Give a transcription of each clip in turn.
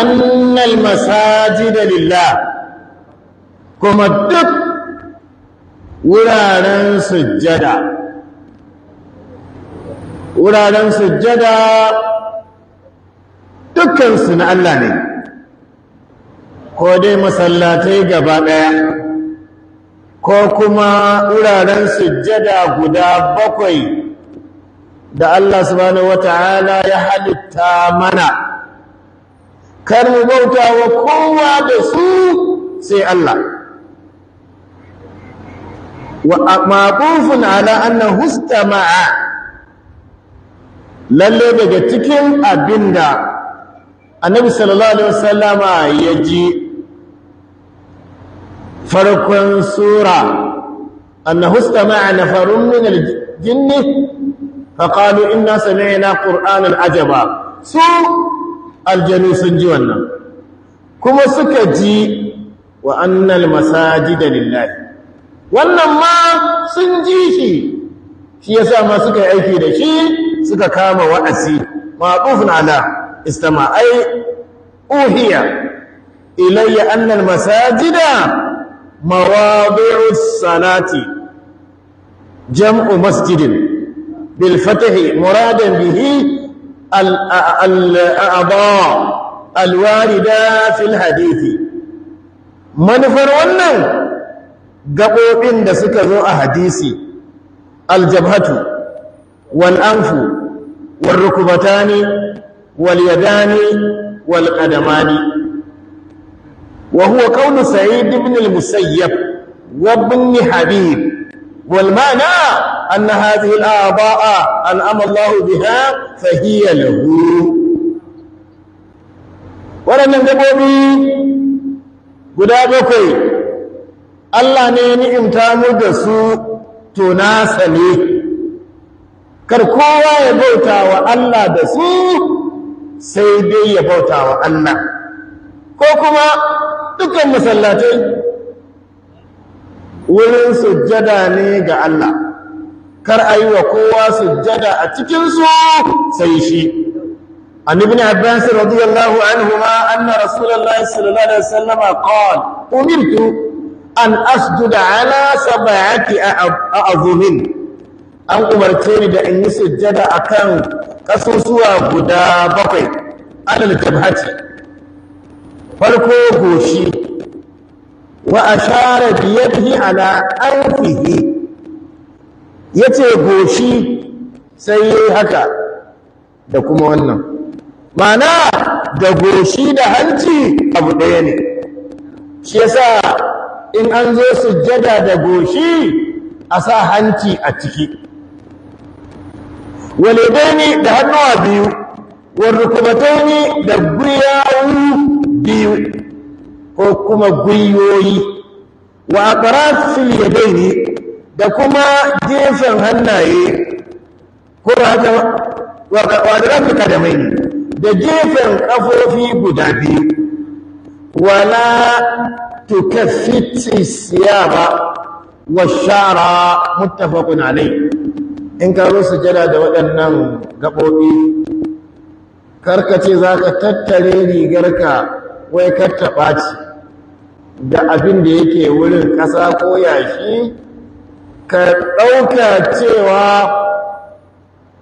annal masajida lillah kuma duk wuraren sujjada wuraren sujjada dukkansu na Allah ne ko dai masallatai gaba ɗaya ko kuma wuraren sujjada guda bakwai da Allah subhanahu ta'ala ya halitta mana kar mu bauta wa kowa da su sai Allah wa maqufun ala anna hustama'a lalle daga cikin abinda annabi sallallahu alaihi wasallama ya ji farkon sura anna hustama'a nafarun min al faqalu inna sami'na qur'anan ajaba su aljanu sun ji wannan kuma suka ji wa annal masajida lillahi wannan ma sun ji shi shi sa ma suka yi aiki da shi suka kama wa'asi ma'tufun ala istama ai uhiya ilayya annal masajida mawadi'u salati jam'u masjidin bilfatahi muradan bihi al'adha alwarida fil hadithi manufar wannan gaɓoɓin da suka zo a hadisi aljabhatu wal anfu wal rukubatani wal yadani wal qadamani wa huwa qawlu sa'id ibn al musayyab wa habib والمعنى أن هذه الأعضاء أنعم الله بها فهي له waɗannan gabobi guda bakwai Allah ne ni'imta mu da su to nasa ne kar kowa ya bauta wa Allah da su sai dai ya bauta wa Allah ko kuma dukkan masallatai wurin sujjada ne ga Allah kar a wa kowa sujjada a cikinsu sai shi annabi abbas radiyallahu anhu ma anna rasulullahi sallallahu alaihi wasallam qala umirtu an asjuda ala sab'ati a'zumin an umarce ni da in yi sujjada akan kasusuwa guda bakwai alal jabhati farko goshi wa ashara bi yadihi ala anfihi yace goshi sai yayi haka da kuma wannan Ma'ana da goshi da hanci abu ɗaya ne shi yasa in an zo sujjada da goshi a sa hanci a ciki walidaini da hannuwa biyu warrukubataini da gwiyawu biyu ko kuma gwiwoyi wa ya yadayni da kuma gefen hannaye ko haka da mai da gefen kafofi guda biyu wala siya ba, wa shara muttafaqun kunanai. in ka rusa sujada da waɗannan gaɓoɓi karkace za ka tattare rigarka wai kar ta ɓaci da abin da yake wurin ƙasa ko yashi ka ɗauka cewa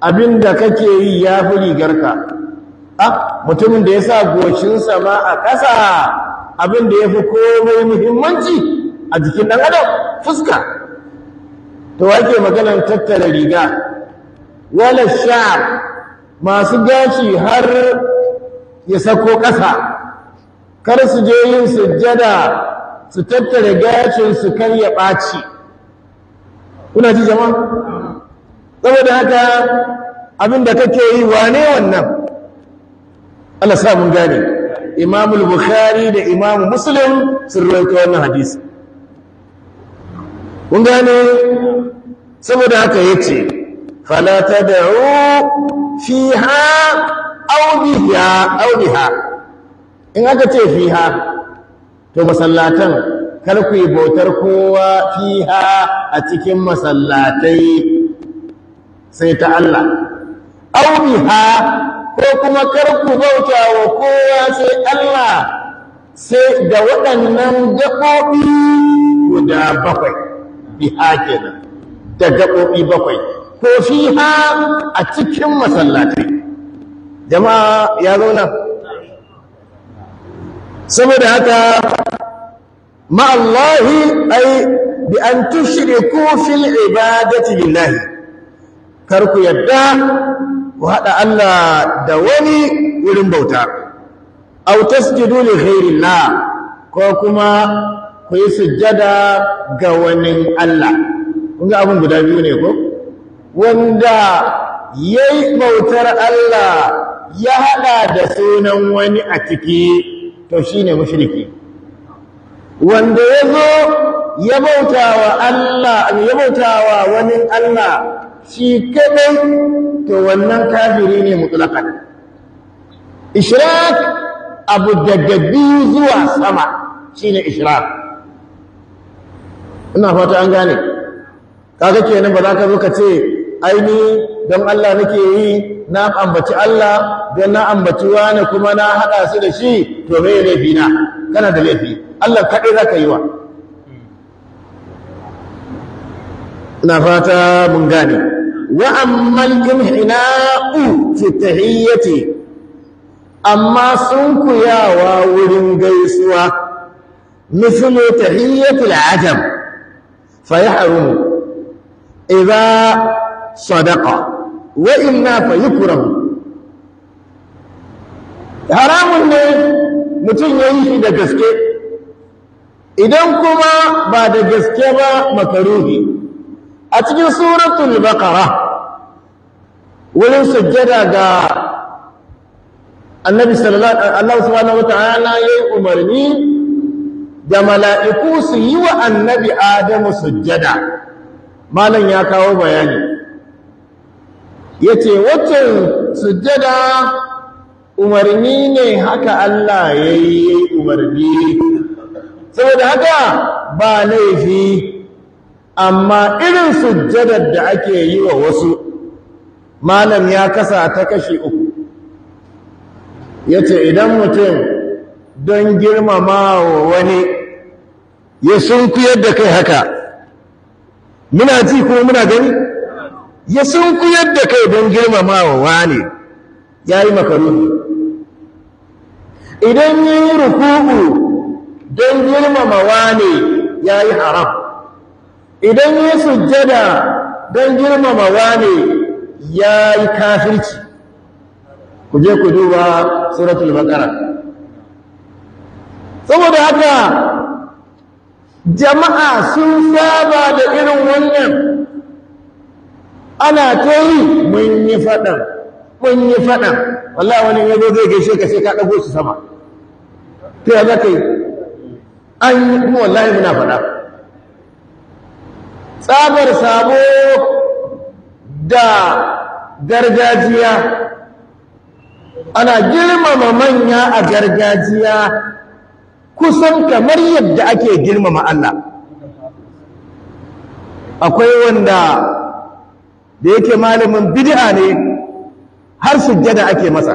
abin da kake yi ya fi rigarka a ah, mutumin da ya sa goshinsa ma a ƙasa abin da ya fi komai muhimmanci a jikin ɗan adam fuska to ake maganar tattara riga wala sha masu gashi har ya sako ƙasa kar su je yin sujjada su tattare gashin su karya ya ɓaci kuna ji jama'a saboda haka abin da kake yi wane wannan Allah sa mun gane Imam Bukhari da Imam Muslim sun rawaito wannan hadisi kun gane saboda haka yace fala tad'u fiha aw biha aw biha in aka ce fiha to masallatan kar ku yi bautar kowa fiha a cikin masallatai sai ta Allah aw biha ko kuma kar ku bauta wa kowa sai Allah sai da waɗannan gaɓoɓi guda bakwai biha kenan da gaɓoɓi bakwai ko fiha a cikin masallatai jama'a ya zo zauna saboda haka ma'allahi ai bi an tushriku fil ibadati lillahi kar ku yadda ku hada Allah da wani wurin bauta aw tasjudu li ghairillah ko kuma ku yi sujjada ga wani Allah kun ga abun guda biyu ne ko wanda yayi bautar Allah ya hada da sunan wani a ciki to shi ne mushiriki? wanda yazo ya wa Allah ya bautawa wani Allah shi kadai to wannan kafiri ne mutlaqan ishrak abu daga zuwa sama shi ne ishrak ina fata an gane kaga kenan ba za ka zo ka ce aini don Allah nake yi na ambaci Allah don na ambaci wani kuma na haɗa su da shi to me laifi na kana da laifi Allah kaɗai za ka yi wa na fata mun gane wa ammal inhina'u fi tahiyyati amma sun kuyawa wurin gaisuwa mislu tahiyyatil ajam. fa yahrumu idza sadaka wa inna fa yukrah haramun ne mutum yayi shi da gaske idan kuma ba da gaske ba makaruhi a cikin suratul baqara wurin sujjada ga annabi sallallahu alaihi subhanahu wataala yayi umarni da mala'iku su yi wa annabi adamu sujjada malam ya kawo bayani Ya yace waccan sujjada umarni ne haka Allah ya yi umarni saboda haka ba laifi amma irin sujjadar da ake yi wa wasu malam ya kasa ta kashe uku Ya ce idan mutum don girmama wa wani ya sunkuyar da kai haka muna ji ko muna gani ya ku yadda kai don girmamawa wane ya yi makaruni idan yi ruku'u don girmama wane ya yi haram idan yi sujjada don girmama wane ya yi kafirci ku je ku duba suratul bakara saboda haka jama'a sun saba da irin wannan ana ta yi mun yi faɗan mun yi faɗan wallahi wani ya zo zai gaishe ka sai ka ɗago su sama ta ya za yi an yi kuma wallahi muna faɗa tsabar sabo da gargajiya ana girmama manya a gargajiya kusan kamar yadda ake girmama Allah akwai wanda da yake malamin bid'a ne har sujjada ake masa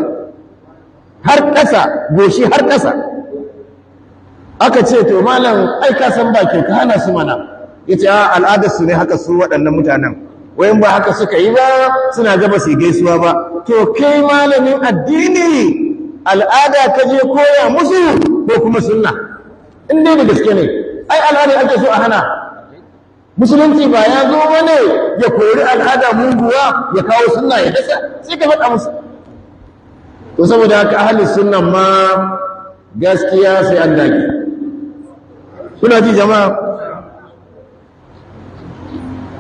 har ƙasa goshi har ƙasa aka ce to malam ai ka san baki ka hana su mana yace a al'adar su ne haka su waɗannan mutanen wayan ba haka suka yi ba suna gaba su gaisuwa ba to kai malamin addini al'ada ka je koya musu ko kuma sunna in dai da gaske ne ai al'ada ake so a hana musulunci ba ya zo ne ya kori al'ada munguwa ya kawo suna ya dasa sai ka faɗa musu to saboda haka ahalin sunan ma gaskiya sai an dage kuna ji jama'a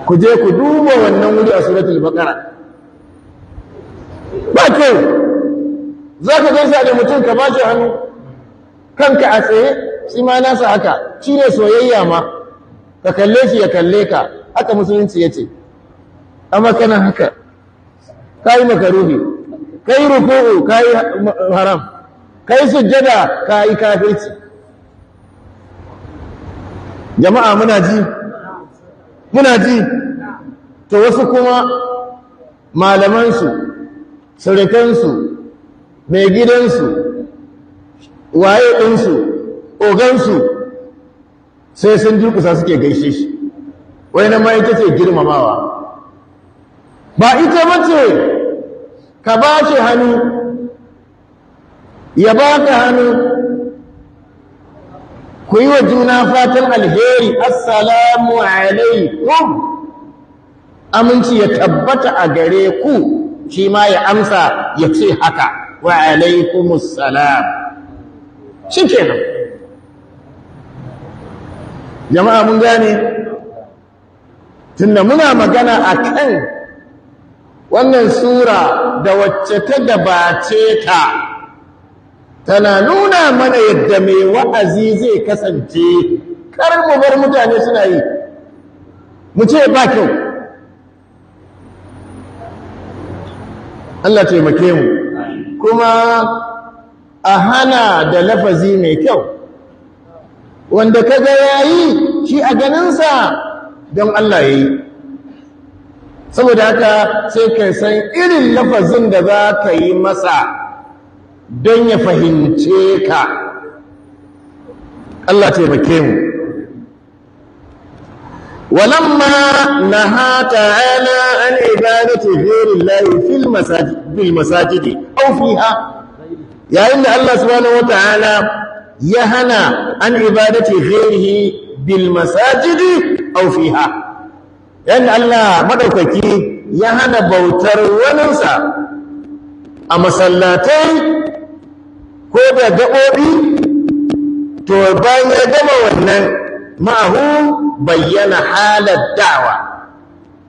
ku je ku duba wannan wuri a suratul baqara ba kyau za ka gaisa da mutum ka ba shi hannu kanka a tsaye shi nasa haka shi soyayya ma ka kalle shi ya kalle ka haka musulunci ya ce amma kana haka ka yi makaruhi ka yi ruku'u ka yi haram ka yi sujjada ka yi kafirci jama'a muna ji muna ji to wasu kuma malamansu surukansu mai gidansu waye ɗinsu ogansu sai sun durkusa suke gaishe shi wai na ma ita ce girmamawa ba ita mace ka ba shi hannu ya ba ka hannu ku yi wa juna fatan alheri assalamu alaikum aminci ya tabbata a gare ku shi ma ya amsa ya ce haka wa alaikumussalam shi kenan jama'a mun gane tunda muna magana a kan wannan sura da wacce ta dabace ta tana nuna mana yadda mai wa'azi zai kasance kar mu bar mutane suna yi mu ce ba kyau Allah taimake mu kuma a hana da lafazi mai kyau wanda ka ga yayi shi a ganinsa don Allah ya yi saboda haka sai ka san irin lafazin da za ka yi masa don ya fahimce ka Allah taimake mu ولما an تعالى عن عبادة غير الله في المساجد بالمساجد أو فيها يعني الله سبحانه وتعالى ya hana an ibadati ghairihi bil masajidi aw fiha yan Allah maɗaukaki, ya hana bautar waninsa a masallatai ko da gabobi to bayan ya gama wannan ma'ahu bayyana halar da'wa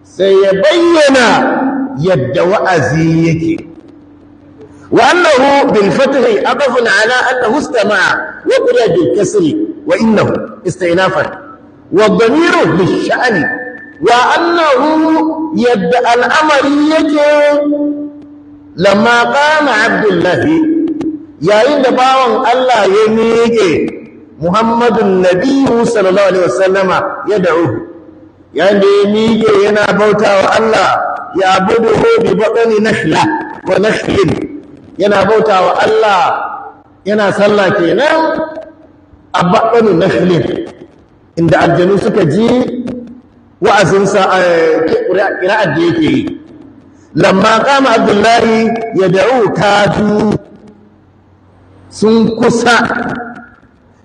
sai ya bayyana yadda wa'azi yake وأنه بالفتح أضف على أنه استمع وقل بالكسر وإنه استئنافا والضمير بالشأن وأنه يبدأ الأمر يجي لما قام عبد الله yayin da bawan Allah ya miƙe Muhammadun Nabiyu sallallahu alaihi wasallama ya da'u yayin da ya miƙe yana bautawa Allah ya abudu bi batni nakhla wa yana bauta wa Allah yana sallah kenan a baɗin filin, inda aljanu suka ji wa'azinsa a eh, ƙira'ar da yake yi lamma kama abdullahi ya da'u kadu sun kusa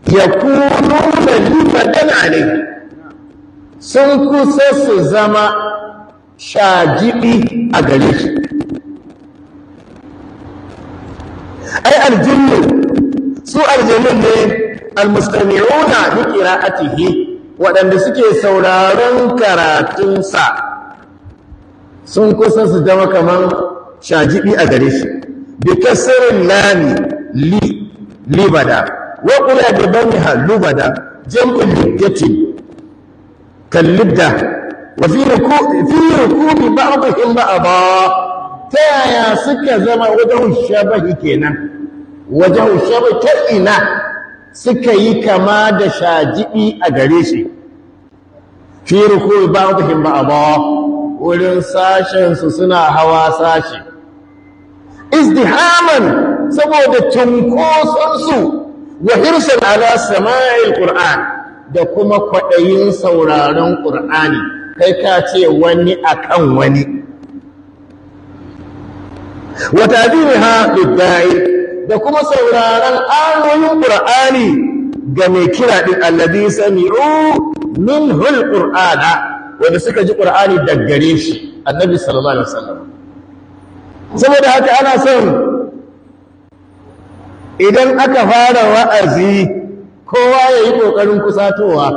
ya kuno da limadan ne sun kusa su zama shajibi a gare shi ai aljinnu su aljanun ne almustami'una bi qira'atihi waɗanda suke sauraron karatunsa sun kusa su dama kaman shajibi a gare shi bi kasrin lami li libada wa qula bi banha lubada jam'u lidatin kallibda wa fi rukubi fi rukubi ba'dihim ba'da ta yaya suka zama wajen shabahi kenan wajen ta ina suka yi kama da shajibi a gare shi fi ruku a bawa, wurin sashensu suna hawa sashi izdihaman saboda tunkoson su wa hirsan ala sama'il qur'an da kuma kwaɗayin sauraron ƙur'ani kai ka ce wani akan wani Wata zini ha bid da kuma sauraron ayoyin Qur'ani ga mai kira din alladhi sami'u minhu ƙur'ana, wanda suka ji ƙur'ani daga gare shi annabi sallallahu alaihi wasallam saboda haka ana son idan aka fara wa'azi kowa ya yi ƙoƙarin kusatowa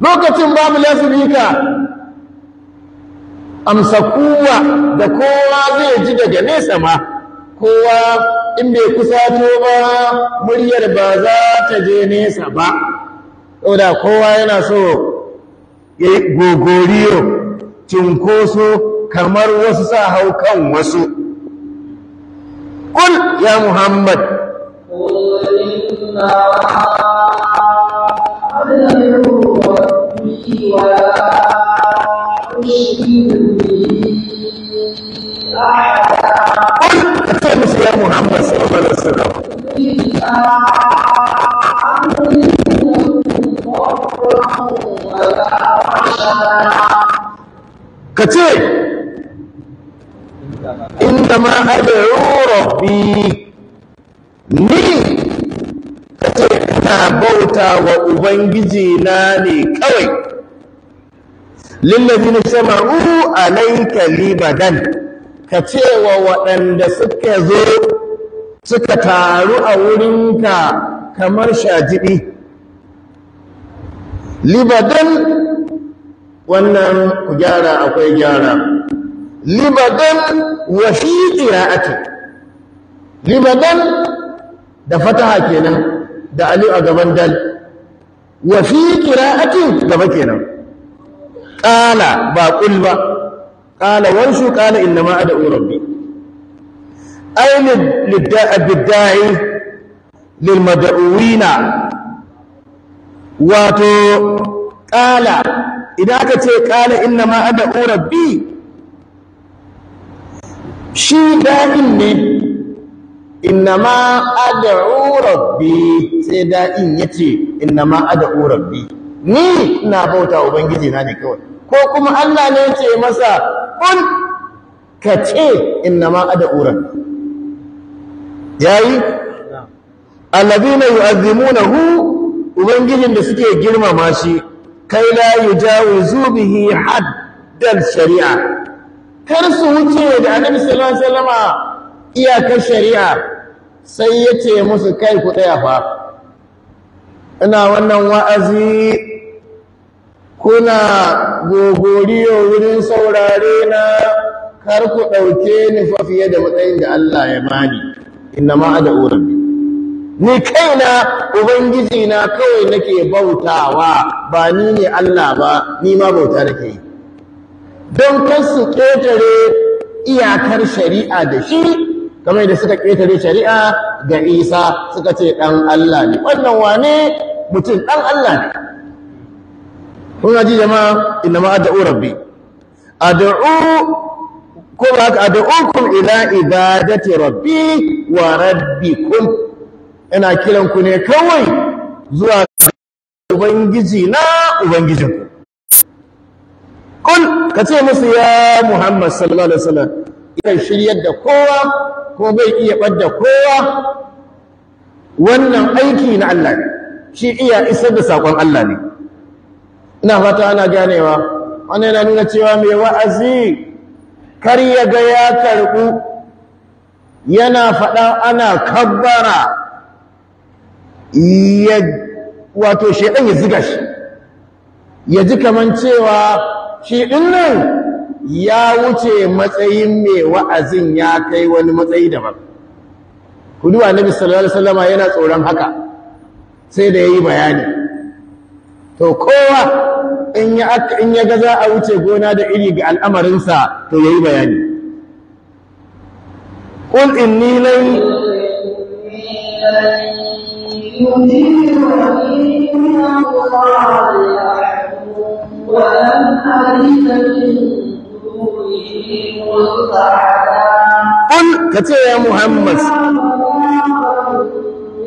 lokacin babu lasirika amsa kowa da kowa zai ji daga nesa ma kowa in bai kusato ba muryar ba za ta je nesa ba saboda kowa yana so ya yi gogoriyo cinkoso kamar wasu sa hau kan wasu Kul ya muhammad قل kasa ce musu ya muhammad sallallahu alaihi wasallam ka ce inda ma ad'u rabbi ni ka ce ina bauta wa ubangiji na ne kawai lillazi na shama'u alayka libadan ka ce wa waɗanda suka zo suka taru a wurinka kamar shajiɗi libadan wannan ku gyara akwai gyara libadan wafi fi qira'ati libadan da fataha kenan da aliyu a gaban dal Wafi fi qira'ati gaba kenan Ƙala ba qul ba Ƙala wanshu ƙala inna ma ad'u rabbi ay lidda'i lil mad'uwina wato ƙala. idan aka ce ƙala inna ma ad'u rabbi shi da'in ne inna ma ad'u rabbi sai da'in ce inna ma ad'u rabbi ni ina bauta ubangiji na ne kawai ko kuma Allah ne ce masa kun ka ce innama ad'uran yayi alladhina yu'azzimunahu ubangijin da suke girmama shi kai la yujawizu bihi haddal shari'a kar su wuce da annabi sallallahu alaihi wasallama iyakar shari'a sai yace musu kai ku tsaya fa ina wannan wa'azi kuna gogoriyo wurin saurare na kar ku ɗauke ni fa fiye da matsayin da Allah ya bani inna ma da rabbi ni kaina ubangiji na kawai nake bautawa ba ni ne Allah ba ni ma bauta nake yi don kar su ƙetare iyakar shari'a da shi kamar da suka ƙetare shari'a ga Isa suka ce ɗan Allah ne wannan wane mutum ɗan Allah ne kun ji jama'a inna ma ad'u rabbi ad'u ko ba haka ad'ukum ila ibadati rabbi wa rabbikum ina kiran ku ne kawai zuwa ubangiji na ubangijinku kun ka ce musu ya muhammad sallallahu alaihi wasallam yakan shiryar da kowa ko bai iya ɓadda kowa wannan aiki na Allah ne shi iya isar da saƙon Allah ne ina fata ana ganewa wannan yana nuna cewa mai wa'azi kar ya ga ya karɓu yana faɗa ana kabbara ya wato shaidan ya ziga shi ya ji kaman cewa shi ɗin nan ya wuce matsayin mai wa'azin ya kai wani matsayi daban kudu annabi sallallahu alaihi wasallama yana tsoron haka sai da yayi bayani to kowa in ya in ya ga za a wuce gona da iri ga al'amarinsa to yayi bayani qul inni ni ولن أجد من دونه ya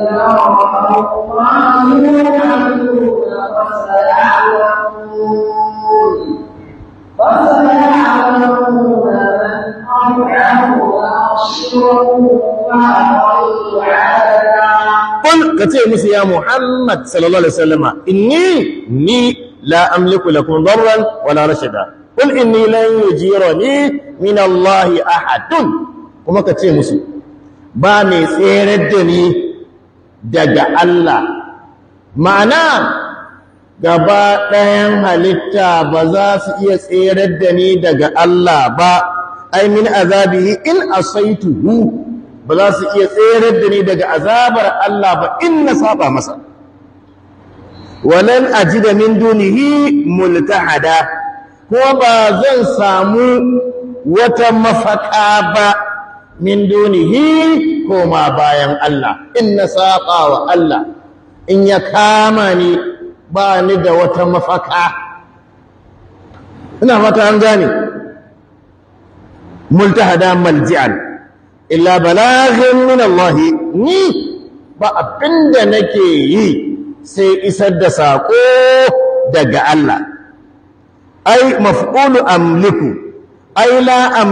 ka kace musu ya Muhammad sallallahu alaihi inni ni la amliku lakum darran wala rashada qul inni lan yujirani min Allah ahadun kuma kace musu ba mai tsere da ni daga Allah ma'ana gaba ɗayan halitta ba za su iya tserar da ni daga Allah ba ai min azabihi in asaituhu ba za su iya tserar da ni daga azabar Allah ba in na saba masa walan ajida min dunihi multahada ko ba zan samu wata mafaka ba min dunihi ko ma bayan Allah in na saba wa Allah in ya kama ni ba ni da wata mafaka ina fata an gane multahada malji'an illa balaghin min Allah ni ba abinda nake yi sai isar da sako daga Allah ai maf'ulu amliku ai la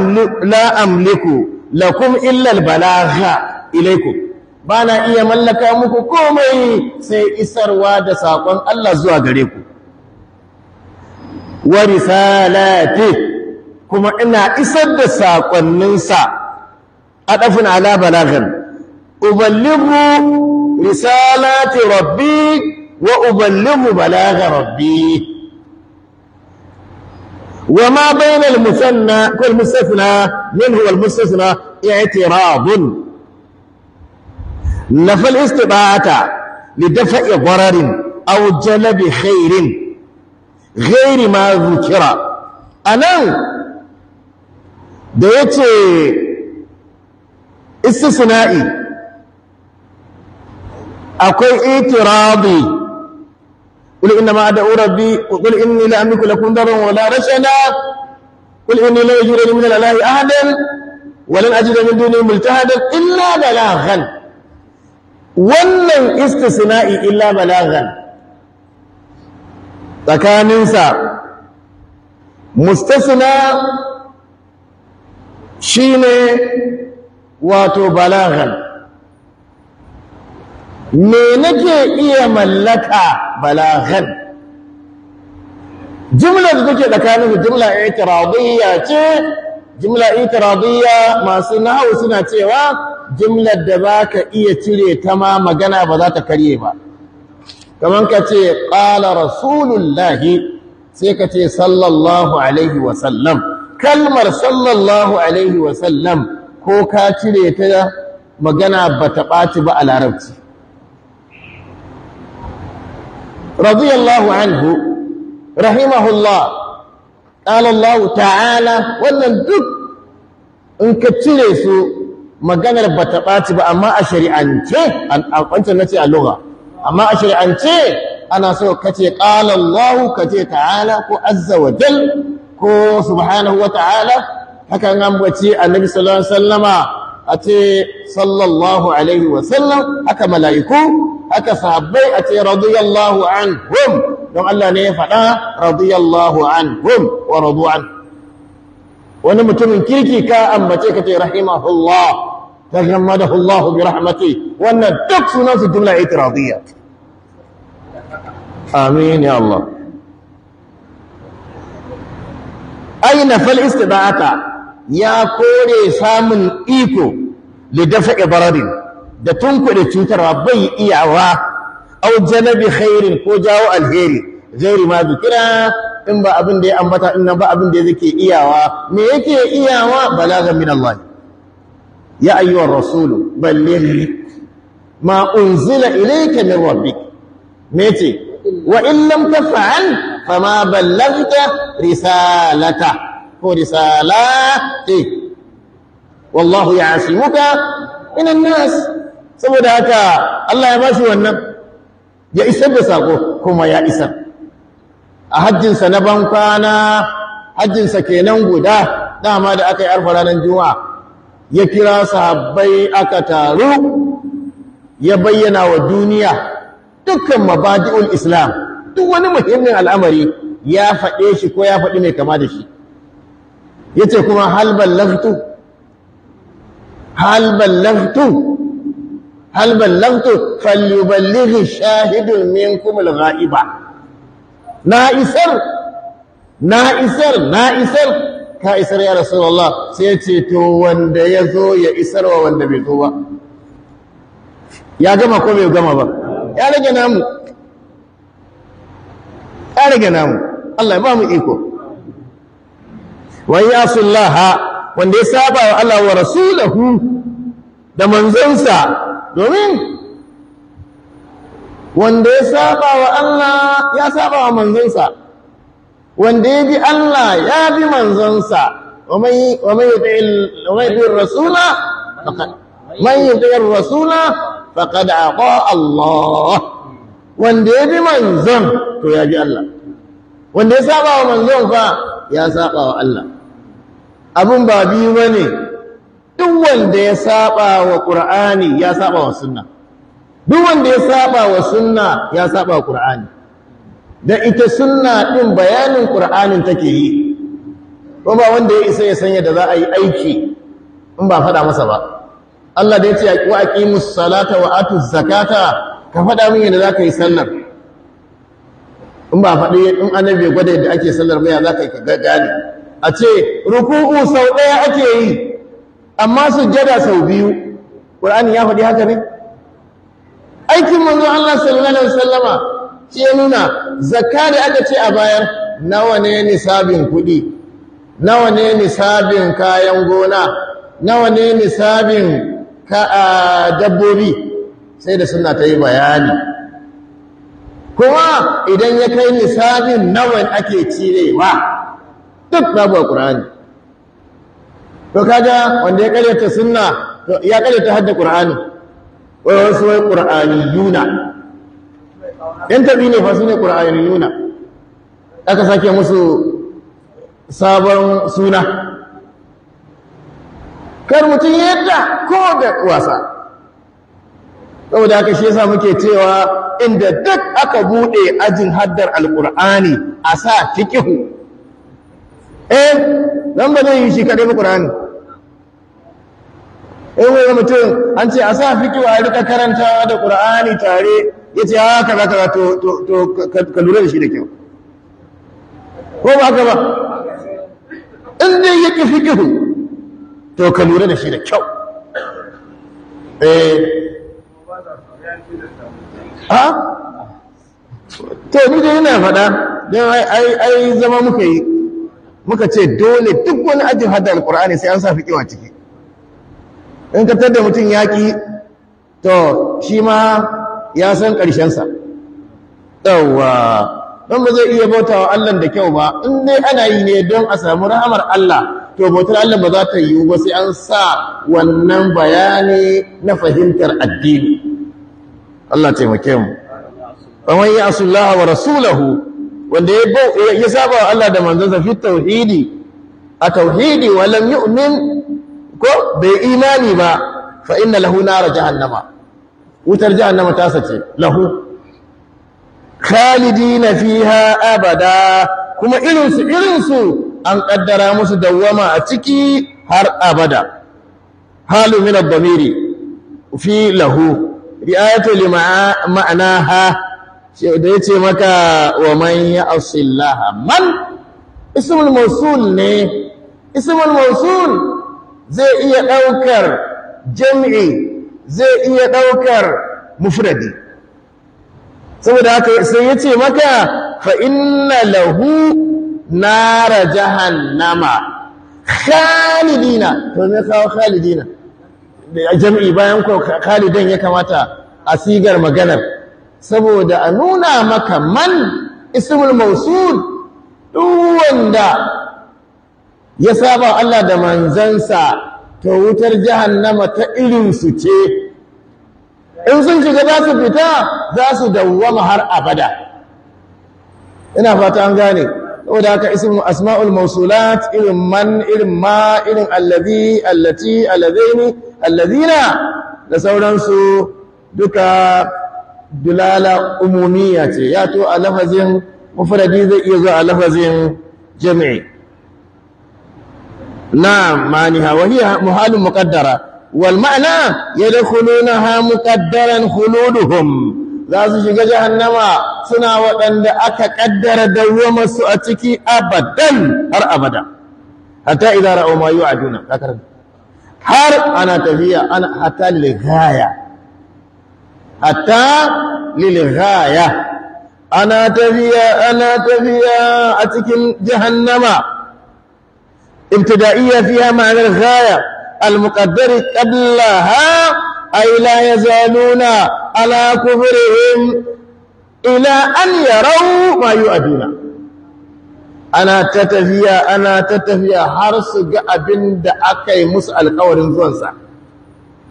amliku lakum illal balagha ilaikum ba na iya mallaka muku komai sai isarwa da saƙon Allah zuwa gare ku wa risalati kuma ina isar da saƙonninsa a ɗafin ala balagan uballigu risalati rabbi wa uballigu balaga rabbi وما بين المثنى والمستثنى من هو المستثنى اعتراض نفى الاستطاعة لدفع ضرر أو جلب خير غير ما ذكر أنا da استثنائي ce اعتراضي قل إنما أدعو ربي وقل إني لا أملك لكم ضرا ولا رشدا قل إني لا يجرني من الإله أحدا ولن أجد من دونه ملتهدا إلا بلاغا wannan istisna'i illa balaghan tsakaninsa mustasna shine wato balaghan me nake iya mallaka balaghan jumla da take tsakanin jumla itiradiyya ce jumla itiradiyya masu nahawu suna cewa jumlar da baka iya cire ta ma magana ba za ta karye ba kamar ka ce qala rasulullahi sai ka ce sallallahu alaihi wa sallam kalmar sallallahu alaihi wa sallam ko ka cire ta magana ba ta ɓaci ba a larabci رضي anhu عنه رحمه الله ta'ala wannan duk in ka cire su maganar ba ta ɓaci ba amma a shari'ance alƙwancan na ce a lura amma a shari'ance ana so kace ce kace Allah ta'ala ko azza wa jal ko subhanahu wa ta'ala hakan an bace annabi sallallahu alaihi wasallama ati sallallahu alaihi wasallam aka mala'iku aka sahabbai a radiyallahu anhum don Allah ne ya fada radiyallahu anhum wa radu'an wani mutumin kirki ka ambace ka ce rahimahullah tajammadahu Allah bi rahmati wannan duk sunan su jumla itiradiyya amin ya Allah aina fal istiba'ata ya kore samun iko lidafa'i bararin da tunkuɗe cutarwa bai iyawa au janabi khairin ko jawo alheri zairi ma zikira in ba abin da ya ambata in ba abin da yake iyawa me yake iyawa balaga min Allah ya ayyuhar rasulu balligh ma unzila ilayka min rabbik me ce. wa in lam taf'al fama ballaghta risalata ورسالاته والله يعصمك من الناس saboda haka Allah ya bashi wannan ya isar da sako kuma ya isar a hajjinsa na bankwana hajjinsa kenan guda dama da aka yi arfa ranar juma'a ya kira sahabbai aka taru ya bayyana wa duniya dukkan mabadi'ul islam duk wani muhimmin al'amari ya faɗe shi ko ya faɗi mai kama da shi yace kuma hal ballagtu hal ballagtu hal ballagtu falyuballighi shahidun minkum al-ghaiba na isar na isar na isar ka isar ya rasulullah sai ce to wanda yazo ya isar wa wanda bai zo ba ya gama ko bai gama ba ya rage namu ya rage namu Allah ya ba mu iko wa yasullaha wanda ya saba wa Allah wa rasulahu da manzansa domin wanda ya saba wa Allah ya saba wa manzansa wanda ya bi Allah ya bi manzansa wa mai wa mai yuti'ir rasula faqad man yuti'ir rasula faqad aqa Allah wanda ya bi manzan to ya bi Allah wanda ya saba wa manzon fa ya saba wa Allah abin ba biyu ba ne duk wanda ya saba wa ƙur'ani ya saba wa sunna duk wanda ya saba wa sunna ya saba wa ƙura'ani da ita sunna ɗin bayanin ƙur'anin take yi ko ba wanda ya isa ya sanya da za a yi aiki in ba faɗa masa ba Allah da ya ce wa aqimus salata wa atu zakata ka faɗa min yadda za ka yi sallar in ba faɗi in annabi ya gwada yadda ake sallar ba ya za ka yi ka gane a ce ruku'u sau ɗaya ake yi amma su jada sau biyu ƙur'ani ya faɗi haka ne aikin manzo Allah sallallahu alaihi wasallama ce nuna zakka da aka ce a bayar nawa ne nisabin kuɗi nawa ne nisabin kayan gona nawa ne nisabin dabbobi sai da suna ta yi bayani kuma idan ya kai nisabin nawa ake cirewa duk babu a ƙur'ani to kaga wanda ya ƙaryata sunna ya karyata hadda ƙur'ani wai wasu wai ƙur'ani yuna yan tabi ne fa su ne ƙur'ani yuna aka sake musu sabon suna kar mutum yadda ko da wasa saboda aka shi yasa muke cewa inda duk aka buɗe ajin haddar alƙur'ani a sa fikihu eh dan ba zai yi shi kare ba qur'ani eh wai mutum an ce a sa fiqh a rika karantawa da ƙura'ani tare ya ce haka ah, za to to ka lura da shi da kyau ko ba ka ba in dai yake fiqh to ka lura da shi da kyau eh ha to ni dai ina faɗa don ai zama muka yi muka ce dole duk wani ajin hada alkur'ani sai an sa fiƙiwa ciki in ka da mutum yaƙi to shi ma ya san ƙarshensa ɗauwa don ba zai iya bauta wa allah da kyau ba in dai ana yi ne don a samu rahamar allah to bautar allah ba za ta yiwu ba sai an sa wannan bayani na fahimtar addini allah taimake mu faman yi asullaha wa rasulahu wanda ya saba wa Allah da manzansa fi tauhidi a tauhidi wa lam ko bai imani ba fa inna lahu nara jahannama wutar jahannama ta sace lahu fi ha abada kuma irinsu irinsu an kaddara musu dawwama a ciki har abada halu min ad-damiri fi lahu ri'ayatu li ma'anaha da ya ce maka wa man ya asillaha man ismul mausul ne ismul mausul zai iya ɗaukar jam'i zai iya ɗaukar mufradi saboda haka sai ya ce maka fa inna lahu nara jahannama khalidina to me kawo khalidina jam'i bayan ko khalidan ya kamata a sigar maganar saboda a nuna maka man ismul mausul duk wanda ya saba Allah da manzansa to wutar jahannama ta irinsu ce in sun shiga za su fita za su dawwama har abada ina fata an gane saboda haka ismu asma'ul mawsulat irin man irin ma irin allazi allati allazaini allazina da sauransu duka dilala umumiya ce ya to a lafazin mufradi zai iya zuwa a lafazin jami'i na maniha wa hiya muhalun muqaddara wal ma'na ha muqaddaran khuluduhum za su shiga jahannama suna waɗanda aka ƙaddara da ruwa su a ciki abadan har abada hatta idza ra'aw ma har ana tafiya ana hatta ligaya hatta lilghaya ana tafiya ana tafiya a cikin jahannama ibtida'iyya fiha ma'anar ghaya al-muqaddari qablaha ay la yazaluna ala kufrihim ila an yarau ma yu'aduna ana ta tafiya ana ta tafiya har su ga abin da aka yi musu alƙawarin zuwansa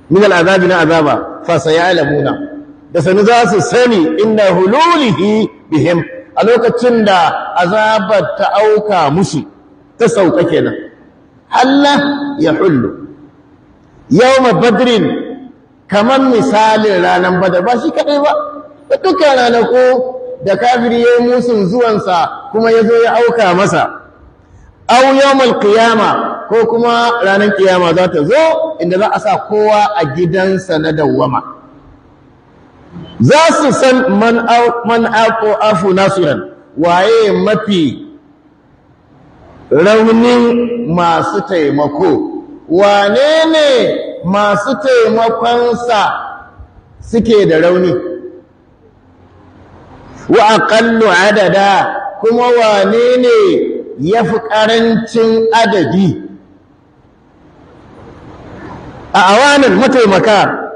min al'azabi na azaba fa sayalamuna da sani za su sani inna hululihi bihim a lokacin da azabar ta auka musu ta sauka kenan halla ya hullu ma badrin kamar misalin ranar badar ba shi kadai ba da dukkan ranako da kafiri ya yi musun zuwansa kuma ya zo ya auka masa au yawmal qiyama ko kuma ranar kiyama za ta zo inda za a sa kowa a gidansa na dawwama za su san man ako afu nasiran waye mafi raunin masu taimako wane ne masu taimakonsa suke da rauni wa aqallu adada kuma wane ne fi ƙarancin adadi a awanin mataimaka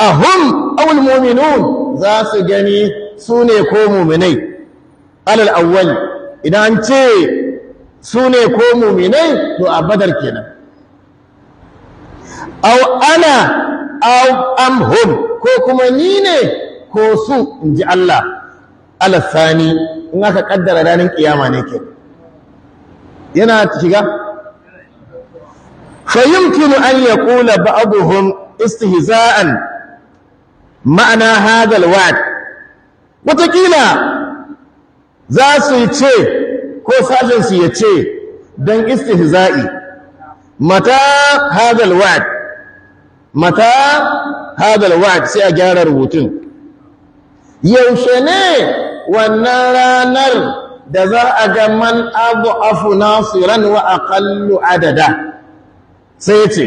ahum awul mu'minun za su gani su ne ko mu'minai alal awwal idan ce su ne ko mu'minai to a badar kenan aw ana aw am ko kuma ni ne ko su inji Allah Sani, in aka kaddara ranar kiyama ne ke? yana shiga fa yumkinu an yaqula ba'dhum istihza'an ma'ana hadal wa'ad wataƙila za su yi ce ko sashensu ya ce don istihza'i mata hadal wa'ad mata hadal wa'ad sai a gyara rubutun yaushe ne wannan ranar da za a ga man abu afu nasiran wa aqallu adada sai ya ce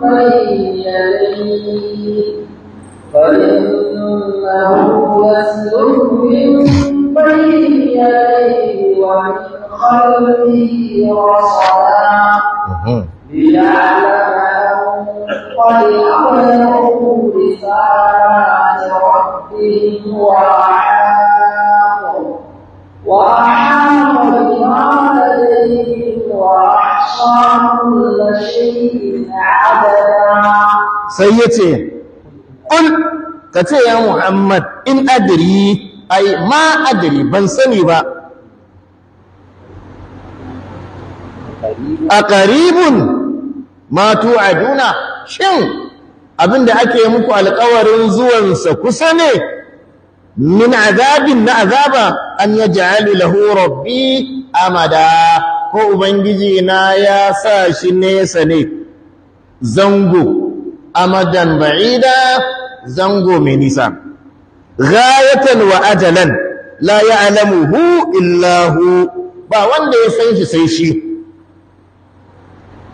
بين فإنه من بين يديه ومن خلفه رصدا ليعلم قد أبلغوا رسالات ربهم وأحاط وأحاط بما لديه sai ya ce ƙul ka ce ya muhammad in adiri ai ma adiri ban sani ba a ƙaribun matu a aduna shin abinda ake muku alkawarin zuwansa kusa ne min azabin na azaba an ya alilahu rabbi amada ko ubangiji na ya sa shi nesa ne zango amadan ba'ida zango mai nisa Gayatan wa ajalan la ya alamu hu illahu, ba wanda ya san shi sai shi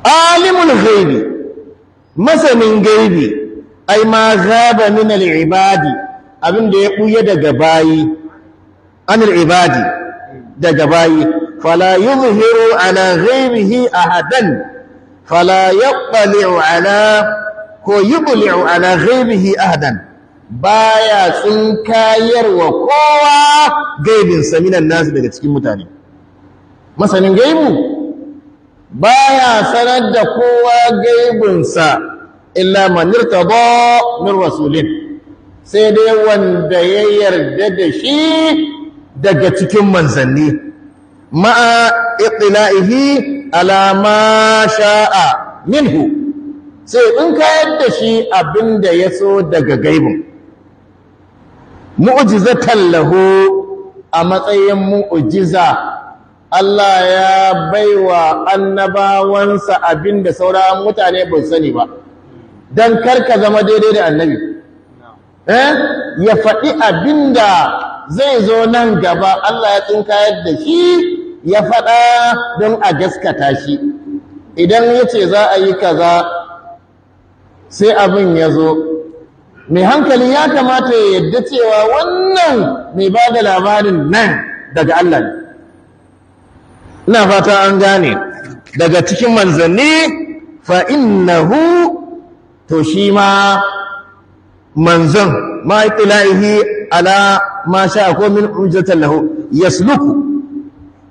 Alimun gaibi, masanin gaibi ai ma zaba min al-ibadi abinda ya buya daga bayi anil ibadi daga bayi فلا يظهر على غيره أحدا فلا يطلع على ko baya tsinkayar wa kowa gaibin sa minan daga cikin mutane masanin gaibu baya sanar da kowa gaibin sa illa man irtada min rasulin sai dai wanda ya yarda da shi daga cikin manzanni ma'a iqla'ihi ala sha'a minhu sai in ka yadda shi abin da ya so daga gaibu. Mu'ujiza tallahu, a matsayin mu'ujiza, Allah ya baiwa annabawansa abin abinda sauran mutane ba sani ba dan karka zama daidai da annabi eh? ya faɗi abinda zai zo nan gaba Allah ya tsinkayar da shi ya faɗa don a gaskata shi idan ya ce za a yi kaza sai abin ya zo mai hankali ya kamata ya yadda cewa wannan mai ba da labarin nan daga Allah ne ina fata an gane daga cikin manzanni na hu to shi ma manzon ma itla'ihi ala ma sha ko min ujratan lahu yasluku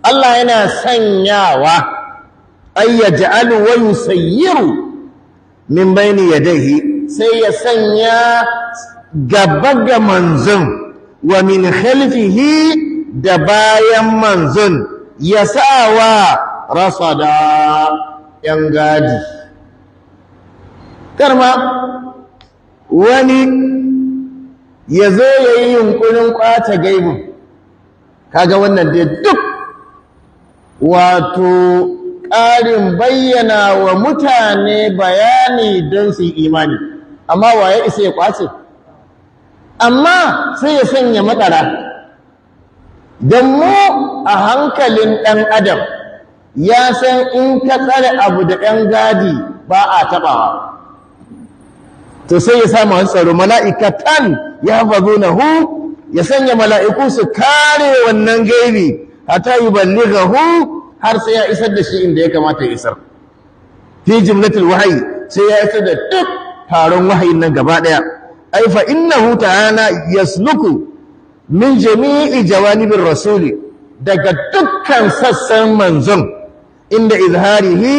Allah yana sanyawa ay yaj'alu wa yusayyiru min ya yadayhi sai ya sanya gaba ga manzon wa min khalfihi da bayan manzon ya sa sawa rasada yan gadi karma wani ya zo ya yi yunkurin ƙwace gaibin kaga wannan dai duk wato ƙarin bayyana wa mutane bayani don su yi imani amma waye isa ya kwace amma sai ya sanya matsara don mu a hankalin ɗan adam ya san in ka tsare abu da ɗan gadi ba a taɓawa to sai ya samu wani tsaro mala'ikatan ya fazo na hu ya sanya mala'iku su kare wannan gaibi a yi balliga hu har sai ya isar da shi inda ya kamata ya isar fi jimlatul wahayi sai ya isar da duk taron wahayin nan gaba ɗaya ai fa innahu ta'ala yasluku min jami'i jawanibir rasuli daga dukkan sassan manzon inda izharihi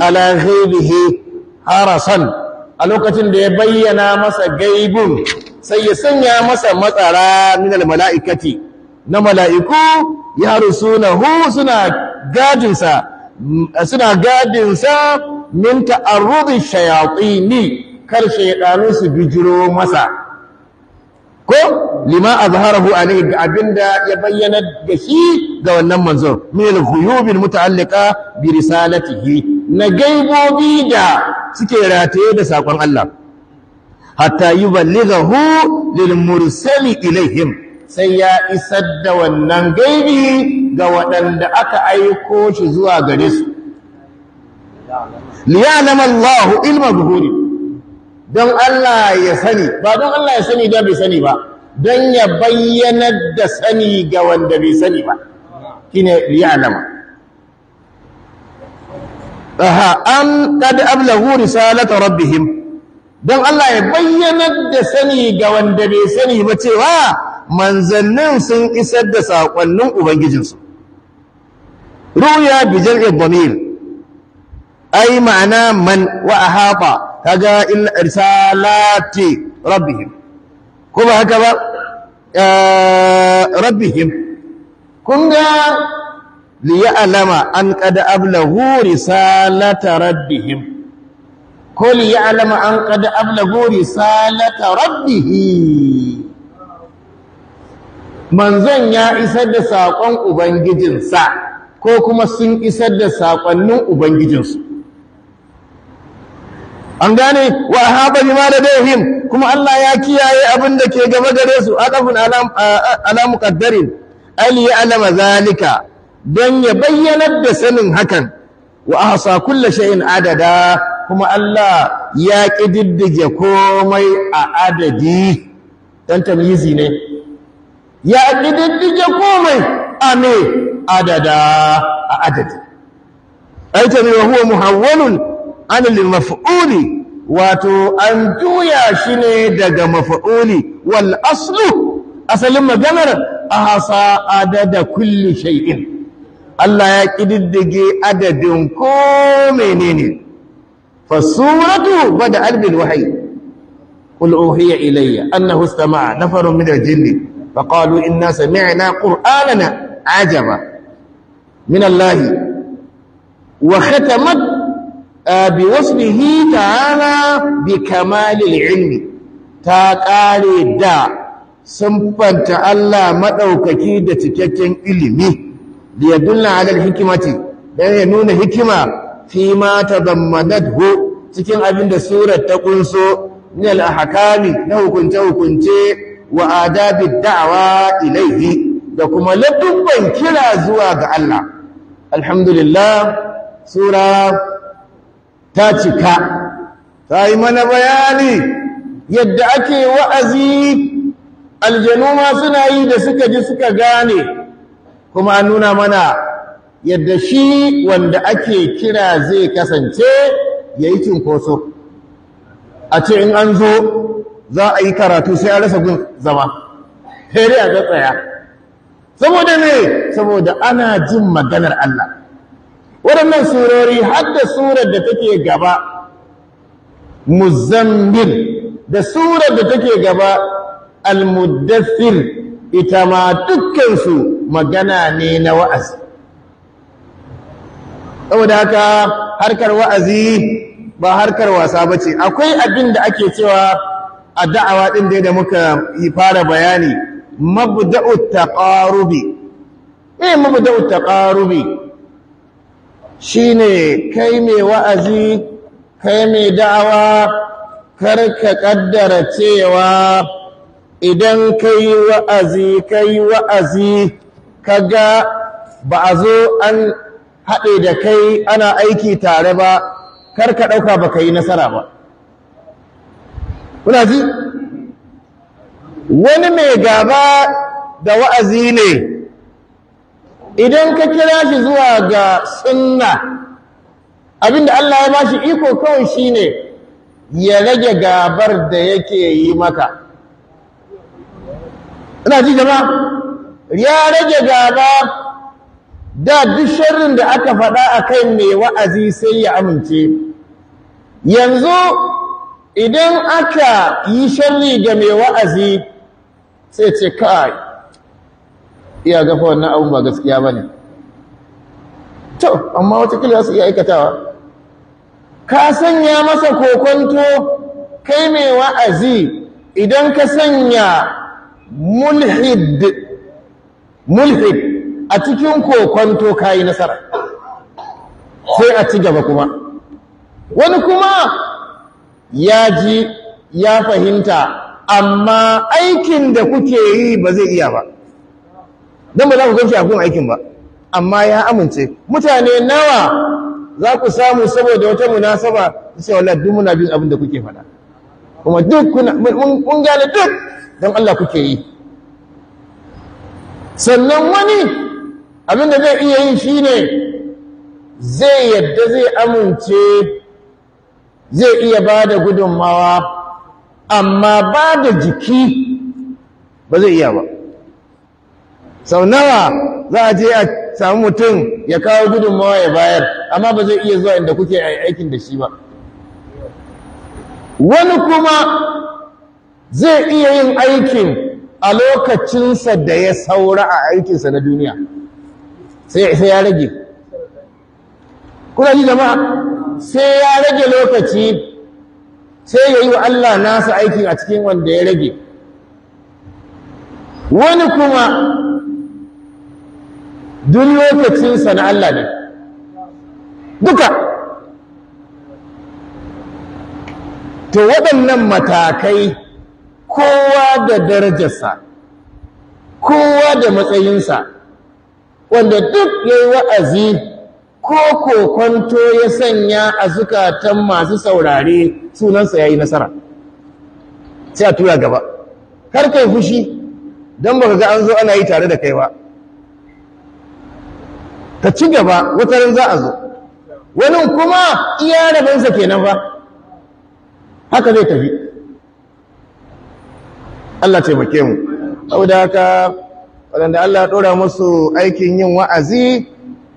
ala ghaibihi harasan a lokacin da ya bayyana masa gaibun sai ya sanya masa matsara minal mala'ikati na mala'iku ya hu suna gadinsa suna gadinsa min ta'arrudin karshe kar shaydanu su bijiro masa ko lima azharahu alayhi ga abinda ya bayyana da shi ga wannan manzon min al-ghuyub mutaalliqa bi risalatihi na gaibobi da suke rataye da sakon Allah hatta yuballighahu lil mursali ilaihim sai ya isar da wannan gaibi ga waɗanda aka aiko shi zuwa gare su liya'lam Allahu ilma zuhuri don Allah ya sani ba don Allah ya sani da bai sani ba don ya bayyana da sani ga wanda bai sani ba liya alama. aha an qad ablahu risalata rabbihim don Allah ya bayyana da sani ga wanda bai sani ba cewa manzannin sun isar da sakonnin ubangijinsu ruya bi jam'i dhamir ai ma'ana man wa ahata kaga in risalati rabbihim ko ba haka ba eh, rabbihim kun ga alama an kada ablahu risalata rabbihim ko alama an kada ablahu risalata rabbihi manzon ya isar da saƙon ubangijinsa ko kuma sun isar da saƙonnin ubangijinsu an gane wa haɓa haba da ladaihim kuma Allah ya kiyaye abin da ke gaba gare su adafun alam ala muqaddarin ali ya alama zalika dan ya bayyanar da sanin hakan wa ahsa kulli sha'in adada kuma Allah ya kididdige komai a adadi dan tamyizi ne ya kididdige komai a me adada a adadi aita ne wa huwa muhawwalun anil maf'uli wato an tuya shi ne daga maf'uli wal aslu asalin maganar a hasa adada kulli shay'in Allah ya kididdige adadin ko menene fa suratu bada albil wahyi qul uhiya ilayya annahu istama'a nafarun min al-jinni fa qalu inna sami'na qur'anana ajaba min Allah wa biwasbihi ta'ala bi kamalil ilmi ta ƙare da sunfanta Allah maɗaukaki da cikakken ilimi da ya dulla alal hikimati don ya nuna hikima fi ma ta zammanadhu cikin abin da surar ta ƙunso min ahkami na hukunce-hukunce wa adabin da'awa ilaihi da kuma ladubban kira zuwa ga Allah alhamdulillah sura ta cika ta yi mana bayani yadda ake wa'azi aljanu ma suna yi da suka ji suka gane kuma an nuna mana yadda shi wanda ake kira zai kasance ya yi cinkoso a ce in an zo za a yi karatu sai a rasa gun zama fere a tsaya saboda ne saboda ana jin maganar Allah waɗannan surori har da surar da take gaba muzammil da surar da take gaba almuddathir ita ma dukkansu magana ne na wa'azi saboda haka harkar wa'azi ba harkar wasa ba ce akwai abin da ake cewa a da'awa ɗin da muka yi fara bayani mabda'ut taqarubi eh mabda'ut taqarubi Shi ne, kai mai wa'azi kai mai da'awa kar ka cewa idan kai wa'azi kai wa'azi kaga ba a zo an haɗe da kai ana aiki tare ba karka ɗauka ba ka yi nasara ba kuna ji wani mai gaba da wa'azi ne idan ka kira shi zuwa ga sunna abinda Allah ya bashi iko kawai shine ya rage gabar da yake yi maka ina ji jama'a ya rage gaba da duk sharrin da aka faɗa akan mai wa'azi sai ya amince yanzu idan aka yi sharri ga mai wa'azi sai ce kai iya gafa wannan abun ba gaskiya ba ne to amma watakila su iya aikatawa ka sanya masa kokonto kai mai wa'azi idan ka sanya mulhid mulhid a cikin kokonto ka yi nasara sai a ci gaba kuma wani kuma ya ji ya fahimta amma aikin da kuke yi ba zai iya ba don ba za ku gan shi a kun aikin ba amma ya amince mutane nawa za ku samu saboda wata munasaba sai wallahi duk muna bin abin da kuke faɗa kuma duk mun gane duk don Allah kuke yi sannan wani abin da zai iya yi shine zai yadda zai amince zai iya ba da gudunmawa amma ba da jiki ba zai iya ba sau nawa za a je a samu mutum ya kawo gudunmawa ya bayar amma ba zai iya zuwa inda kuke aikin da shi ba wani kuma zai iya yin aikin a lokacinsa da ya saura a aikinsa na duniya sai ya rage kuna ji jama'a sai ya rage lokaci sai ya yi wa Allah nasa aikin a cikin wanda ya rage wani kuma duk lokacinsa na Allah ne duka to waɗannan matakai kowa da darajarsa kowa da matsayinsa wanda duk ya yi wa'azi ko kokonto ya sanya a zukatan masu saurare sunansa ya yi nasara sai a tura gaba kar fushi don baka ga an zo ana yi tare da kai ba ka ci gaba wata za a zo wani kuma iya rabansa kenan ba haka zai tafi Allah taimake mu da haka waɗanda Allah ɗora musu aikin yin wa'azi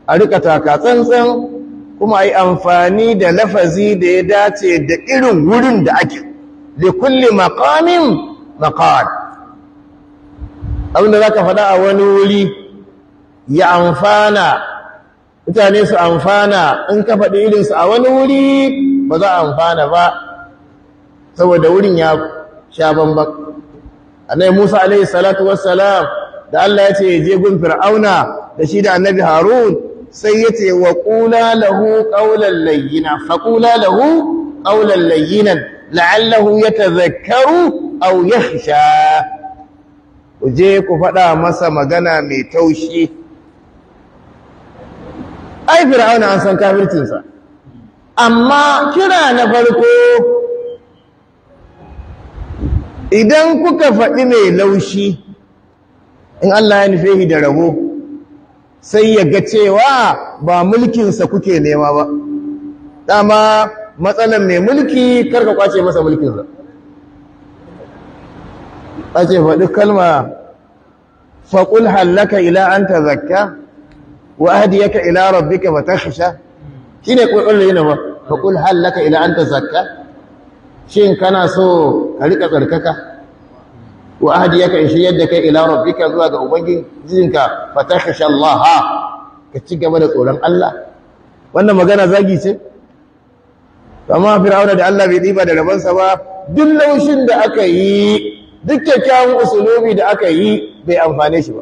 a rika taka tsantsan kuma a yi amfani da lafazi da ya dace da irin wurin da ake da kulle makamin makawar abinda za ka faɗa a wani wuri ya amfana mutane su amfana in ka faɗi a wani wuri ba za a amfana ba saboda wurin ya sha bambam annai musa alaihi salatu wassalam da allah ya ce ya je gun fir'auna da shi da annabi harun sai ya ce wa ƙula lahu ƙaunar layyina fa lahu ƙaunar layyinan la'allahu ya tazakkaru au ya ku je ku faɗa masa magana mai taushi ai fir'auna an san kafircinsa amma kira na farko idan kuka faɗi mai laushi in Allah ya nufe shi da rabo sai ya ga cewa ba mulkinsa kuke nema ba dama matsalar mai mulki karka kwace masa mulkinsa a ce faɗi kalma faƙul hallaka ila an ta zakka wa ahdiyaka ila rabbika fatakhsha shine kullu yana ba fa qul hal laka ila anta zakka shin kana so ka rika tsarkaka wa ahdiyaka in shiryar da kai ila rabbika zuwa ga ubangijinka fatakhsha Allah ka ci gaba da tsoron Allah wannan magana zagi ce amma fir'auna da Allah bai diba da rabansa ba duk laushin da aka yi duk kyakkyawan usulubi da aka yi bai amfane shi ba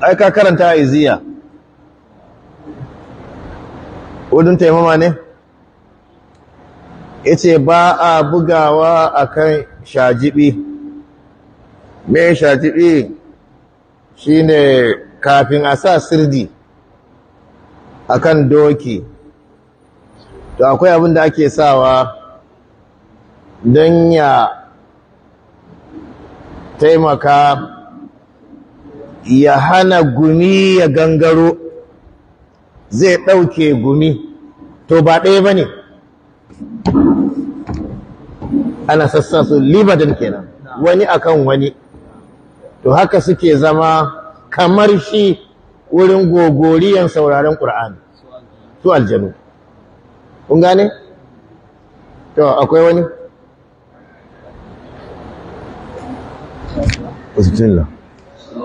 ai ka karanta a iziya wudin taimama ne ya ce ba a bugawa a kan shajibi mai shajibi shi ne kafin a sa sirdi a kan doki to akwai abin da ake sawa don ya taimaka ya hana gumi ya gangaro zai ɗauke gumi to ba ɗaya ba ne ana sassasu libadan kenan wani akan wani to haka suke zama kamar shi wurin gogoriyan sauraron ƙur'ani su aljanu kun gane? to akwai wani? bismillah